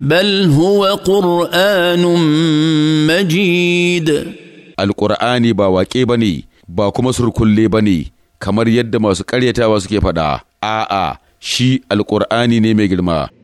بل هو قرآن مجيد القرآن ba واقع بني با كما سركل بني kamar yadda masu ƙaryatawa suke faɗa a'a shi alƙur'ani ne mai girma